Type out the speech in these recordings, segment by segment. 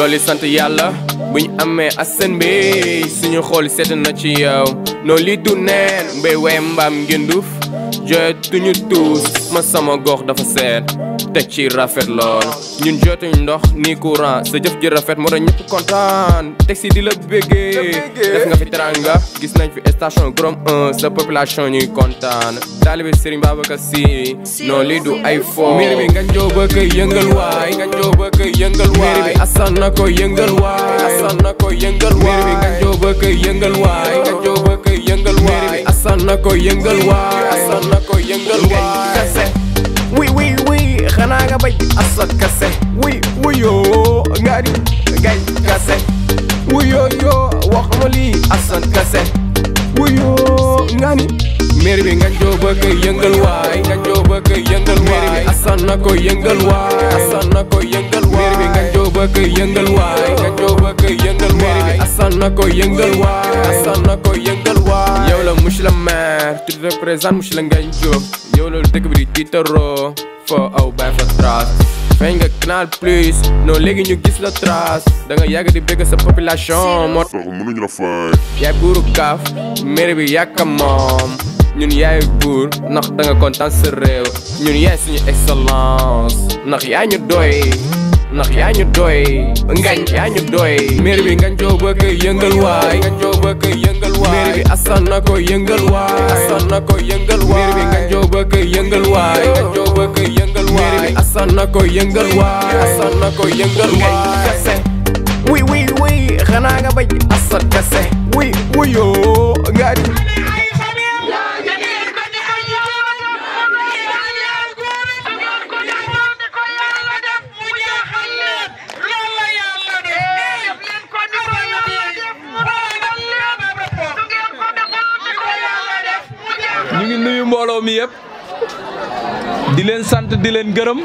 dolli sant yàlla bu ñu amee asan bi suñu xool sedd na ci yow noo li du neen mbéy wey mbaam nginduf jotuñu tuus ma sama gox dafa seet teg ci rafet lool ñun jotuñ ndox ni courant sa jëf ji rafet moo doon ñëpp kontaan teg si di la béggee def nga fi teranga gis nañ fi station Gorom 1 sa population ñuy kontaan taalibe Serigne Babacar Sy non lii du ay fo miir bi nga njoo ko yëngal waay asan na ko yëngal waay koy yëngal waay Assane na koy yëngal waay Assane na koy yëngal waay kase wuy wuy wuy xanaa nga bañ Assane kase wuy wuyoo nga di gay kase wuyoo yoo wax ma lii Assane kase wuyoo nga ni mairie bi nga joo bëgg yëngal waay nga joo bëgg yëngal waay mairie bi Assane na ko yëngal waay Assane na ko yëngal waay mairie bi nga joo bëgg yëngal waay nga joo bëgg yëngal waay mairie bi Assane na ko yëngal ko di Canal la di sa population Mor. tax mënuñu la fay yaay buuru ñun yaay buur ndax da nga kontaan sa rew ñun yaay suñu excellence ndax yaay ñu doy nak yaay ñu doy ngañ yaay ñu doy mère bi ngañ joo bëgg yëngal waay ngañ joo bëgg yëngal waay mère bi asan na ko yëngal waay asan na ko yëngal waay mère bi ngañ joo bëgg yëngal waay ngañ joo bëgg yëngal waay mère bi asan na ko yëngal waay asan na ko yëngal waay kase wuy wuy wuy xanaa nga bañ asan kase wuy wuy yoo ngañ mbooloo mi yëpp di leen sant di leen gërëm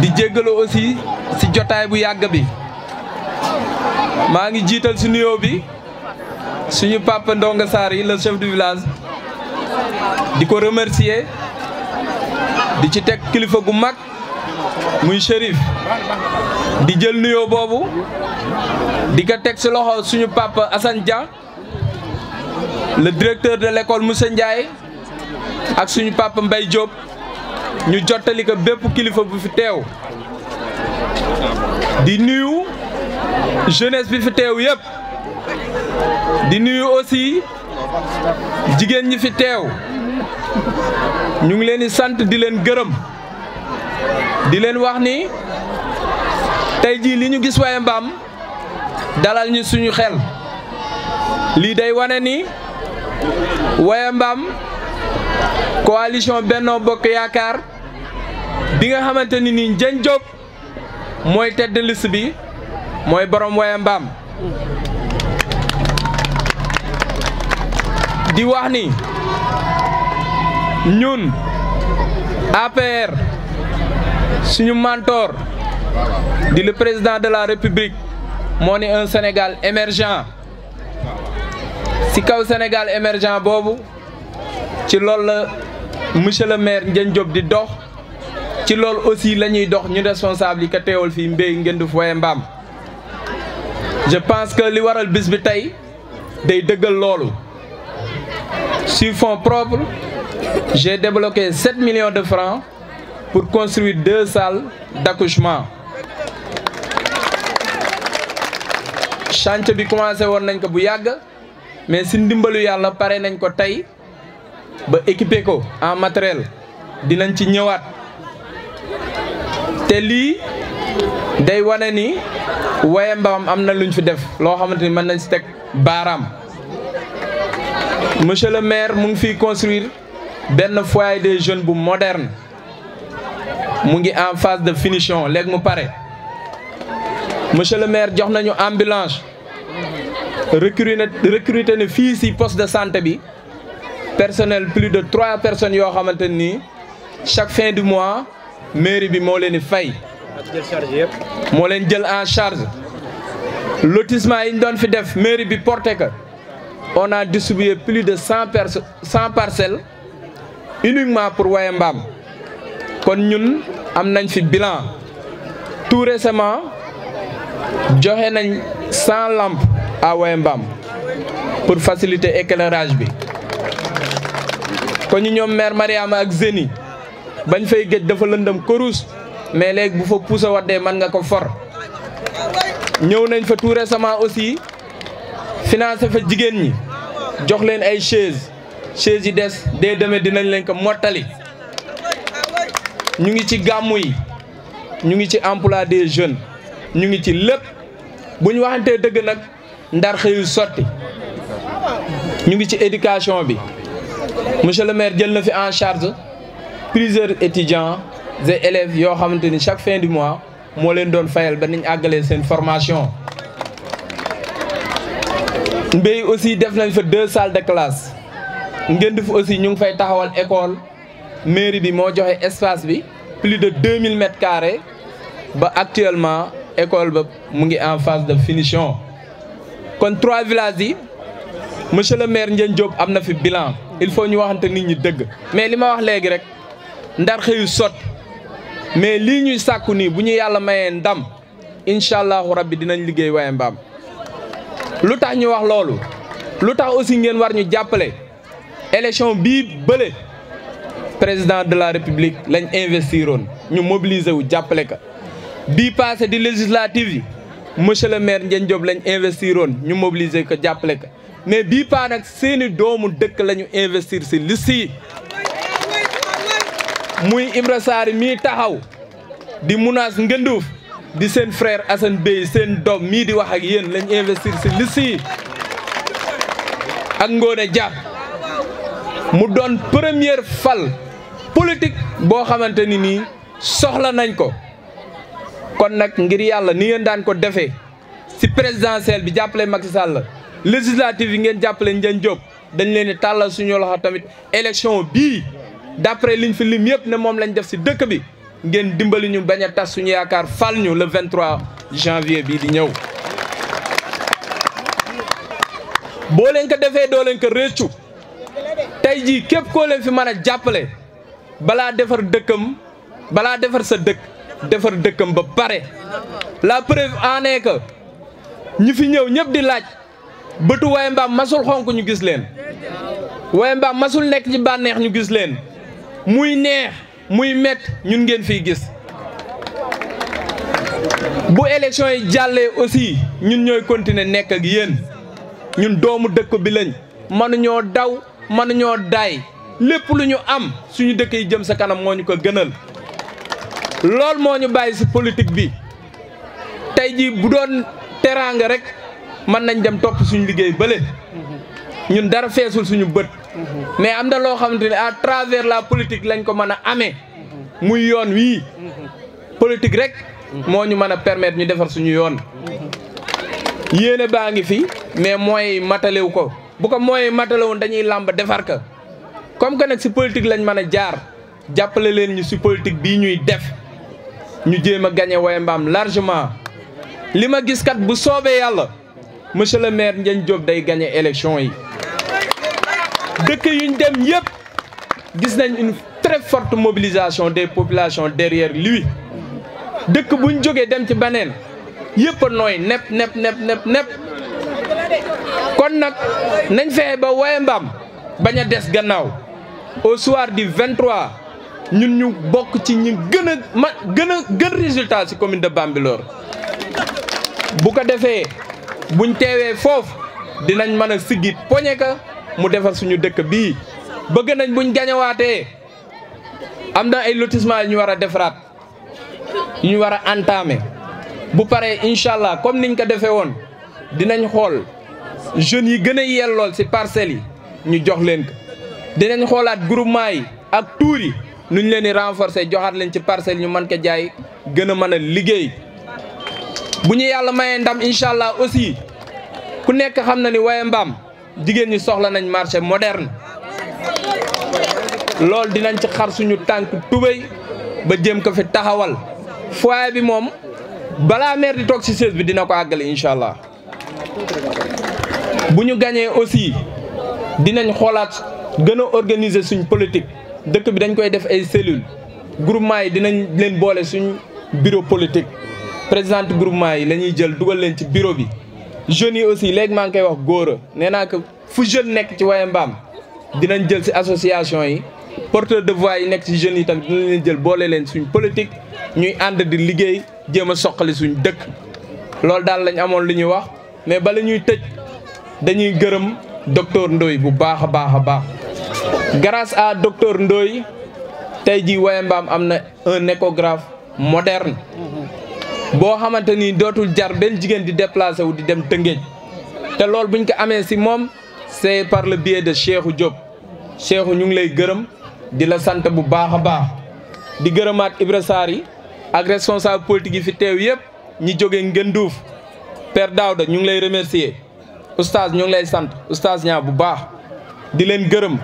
di jéggalu aussi ci jotaay bu yàgg bi maa ngi jiital ci nuyoo bi suñu papa Ndonga Sarr yi le chef du village di ko remercier di ci teg kilifa gu mag muy shérif di jël nuyoo boobu di ko teg ci loxo suñu papa Assane Dia le directeur de l'école Moussa Ndiaye ak suñu papa Mbaye Diop ñu jottali ko bépp kilifa bu fi teew di nuyu jeunesse bi fi teew yépp di nuyu aussi jigéen ñi fi teew ñu ngi leen di sant di leen gërëm di leen wax ni tey jii li ñu gis waaye mbaam dalal ñu suñu xel lii day wane ni waaye mbaam coalition Benno Bokk yakar bi nga xamanteni ni nii Dieng moy tedd liste bi moy borom waye mbaam di wax ni ñun APR suñu mentor di le président de la République moni ni un Sénégal émergent ci kaw Sénégal émergent bobu ci loolu monsieur le maire ngeen job di dox ci loolu aussi lañuy dox ñu responsable yi ka fi fii ngeen du Foye Mbam je pense que li waral bis bi tay day dëggal lolou sur fonds propres j'ai débloqué 7 millions de francs pour construire deux salles d'accouchement chantier bi commencé won nañ ko bu yagg mais si ndimbalu yalla paré nañ ko tay ba équiper ko en matériel dinañ ci ñëwaat té li day wane ni Wayembam am na luñ fi def lo xamanteni ni mën nañ ci tek baram monsieur le maire mu ngi fi construire benn foyer des jeunes bu moderne mu ngi en phase de finition léegi mu paré monsieur le maire jox nañu ambulance recruter recruter na fi ci poste de santé bi personnel plus de 3 personnes qui été maintenues. chaque fin du mois mairie bi fait. leen fay. en charge. lotissement a été doon fi mairie porté on a distribué plus de 100 parcelles uniquement pour Waye kon ñun am bilan tout récemment nous nañ 100 lampes à Waye pour faciliter l'éclairage. ko ñu ñoom mère Mariama ak Zéni bañ fay géej dafa lëndëm koruus mais léegi bu fa puusa waddee mën nga ko for ñëw nañ fa tout récemment aussi financé fa jigéen ñi jox leen ay chaise chaise yi des dee demee dinañ leen ko mottali ñu ngi ci gàmmu yi ñu ngi ci emploi des jeunes ñu ngi ci lépp bu ñu waxantee dëgg nag ndar xëyul sotti ñu ngi ci éducation bi monsieur le maire jël na fi en charge plusieurs étudiants et élèves yoo ont chaque fin du mois moo leen doon fayal ba niñ avons formation aussi def nañ deux salles de classe ngeen fi aussi ñu ngi fay taxawal école mairie bi moo joxe espace bi plus de 2000 mètres carrés actuellement l'école est en phase de finition kon trois villages yi monsieur le maire Ndiène Diop am na fi bilan il faut ñu waxante nit ñi dëgg mais li ma wax léegi rek ndar xëyul sot mais lii ñuy sàkku nii bu ñu yàlla mayee ndam incha allahu bi dinañ liggéey waaye mbaam lu tax ñu wax loolu lu tax aussi ngeen war ñu jàppale élection bii bële président de la république lañ investiroon ñu mobiliser wu jàppale ka bii passé di législative yi monsieur le maire Ndiagne Diop lañ investiroon ñu mobiliser ko jàppale ka mais bi pa nak seeni doomu dekk lañu investir si liste yi muy Ibra Sarr mi taxaw di menace Ngendouf di sen frère Assane Bey sen dom mi di wax ak yeen lañu investir si liste yi ak ngone Dia mu don premier fal politique bo xamanteni ni soxla nañ ko kon nak ngir yalla ni ngeen daan ko defé si présidentiel bi jàppale Macky Sall législative yi ngeen jàppale Ndiagne Diop dañ leen di tàllal suñu loxo tamit élection bii d'après liñ fi lim yëpp ne moom lañ def si dëkk bi ngeen dimbali ñu bañ a tas suñu yaakaar fal ñu le 23 janvier bii di ñëw. boo leen ko defee doo leen ko réccu tey jii képp koo leen fi mën a jàppale balaa defar dëkkam balaa defar sa dëkk defar dëkkam ba pare la preuve en est que ñi fi ñëw ñëpp di laaj. bëtu waaye mbaam masul xonk ñu gis leen waaye mbaam masul nekk ñi bànneex ñu gis leen muy neex muy mett ñun ngeen fiy gis bu élection yi jàllee aussi ñun ñooy continuer nekk ak yéen ñun doomu dëkk bi lañ mënuñoo daw mënuñoo daay lépp lu ñu am suñu dëkk yi jëm sa kanam moo ñu ko gënal lool moo ñu bàyyi si politique bi tey ji bu doon teraanga rek mën nañ dem topp suñu liggéey bële ñun dara feesul suñu bët mais am na loo xamante ne à travers la politique lañ ko mën a amee muy yoon wii politique rek moo ñu mën a permettre ñu defar suñu yoon yéene baa ngi fi mais mooy matalewu ko bu ko mooy matalewoon dañuy làmb defar ka comme que nag si politique lañ mën a jaar jàppale leen ñu si politique bii ñuy def ñu jéem a gagné Wayembaam largement li ma gis kat bu soobee yàlla monsieur le maire Ndiagne Diop day gagné élection yi dëkk yu ñu dem yëpp gis nañ une très forte mobilisation des populations derrière lui dëkk bu ñu jógee dem ci beneen yëpp a nooy nepp nepp nepp nepp nepp kon nag nañ fexe ba Wayembam bañ a des gannaaw au soir du 23 ñun ñu bokk ci ñi gën a gën résultat ci commune de Bambilor bu ko defee buñ teewee foofu dinañ mën a siggi poñe mu defar suñu dëkk bii bëgg nañ buñ gañawaatee am na ay lotissement ñu war a defaraat yu ñu war a entamer bu paree incha allah comme niñ ko defee woon dinañ xool jeunes yi gën a yellool ci parcelles yi ñu jox leen ko dinañ xoolaat groupement yi ak tuur yi nuñ leen di renforcer joxaat leen ci parcelles ñu mën ko jaay gën a mën a liggéey. bu ñu yàlla mayee ndam incha allah aussi ku nekk xam na ni waaye mbaam jigéen ñi soxla nañ marché moderne loolu dinañ ci xar suñu tànk tubéy ba jëm ko fi taxawal foyer bi moom balaa maire di toog ci siège bi dina ko àggale incha allah bu ñu gañee aussi dinañ xoolaat gën a organiser suñ politique dëkk bi dañ koy def ay selul groupement yi dinañ leen boole suñu bureau politique présidente groupement yi la ñuy jël dugal leen ci bureau bi jeunes yi aussi léegi maa ngi koy wax góor a nee naa que fu jeune nekk ci mbaam dinañ jël si association yi porteur de voix yi nekk ci jeunes yi tamit dinañ jël boole leen suñu politique ñuy ànd di liggéey jéem a soqali suñ dëkk loolu daal lañ amoon lu ñuy wax mais bala ñuy tëj dañuy gërëm docteur Ndoye bu baax a baax a baax grâce à docteur Ndoye tey jii Wayembaam am na un échographe moderne boo xamante ni dootul jar benn jigéen di déplacé wu di dem Tëngéej te loolu buñ ko amee si moom c'est par le biais de Cheikhou Diop Cheikhou ñu ngi lay gërëm di la sant bu baax a baax di gërëmaat Ibra Sarr yi ak responsable politique yi fi teew yëpp ñi jóge Ngenduuf Père Daouda ñu ngi lay remercier oustaz ñu ngi lay sant oustaz ñaa bu baax di leen gërëm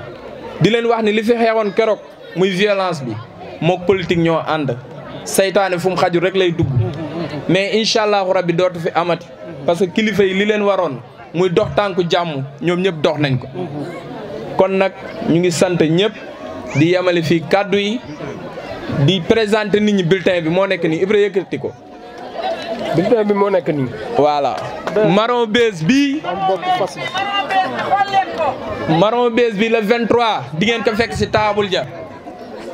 di leen wax ni li fi xewoon keroog muy violence bi mook politique ñoo ànd seytaane fu mu xaju rek lay dugg mais incha rab rabbi dootu fi amati parce que kilifa yi li leen waroon muy dox tànku jàmm ñoom ñëpp dox nañ ko kon nag ñu ngi sant ñëpp di yemale fii kàddu yi di présenter nit ñi bulletin bi moo nekk nii Ibra yëkkati ko bulletin bi moo nekk nii voilà marron bees bii marron bees bi le 23 di ngeen ko fekk si taabul ja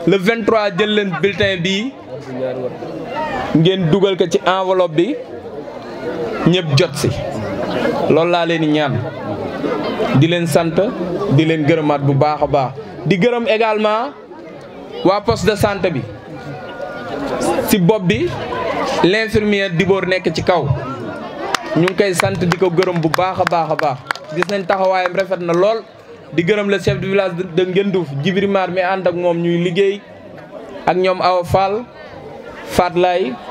le 23 jël leen bulletin bii ngeen dugal ko ci enveloppe bi ñepp jot si lool la leen ñaan di leen sante di leen gërëmaat bu baax baax di gërëm également wa poste de santé bi si bopp bi l'infirmière Dibor nek ci kaw ñu ngi koy sante diko gërëm bu baax a baax baax gis nañ taxawayam rafet na lool di gërëm le chef du village de Ngendouf Djibril Mar mais and ak mom ñuy liggéey ak ñom Awa Fall Fatlay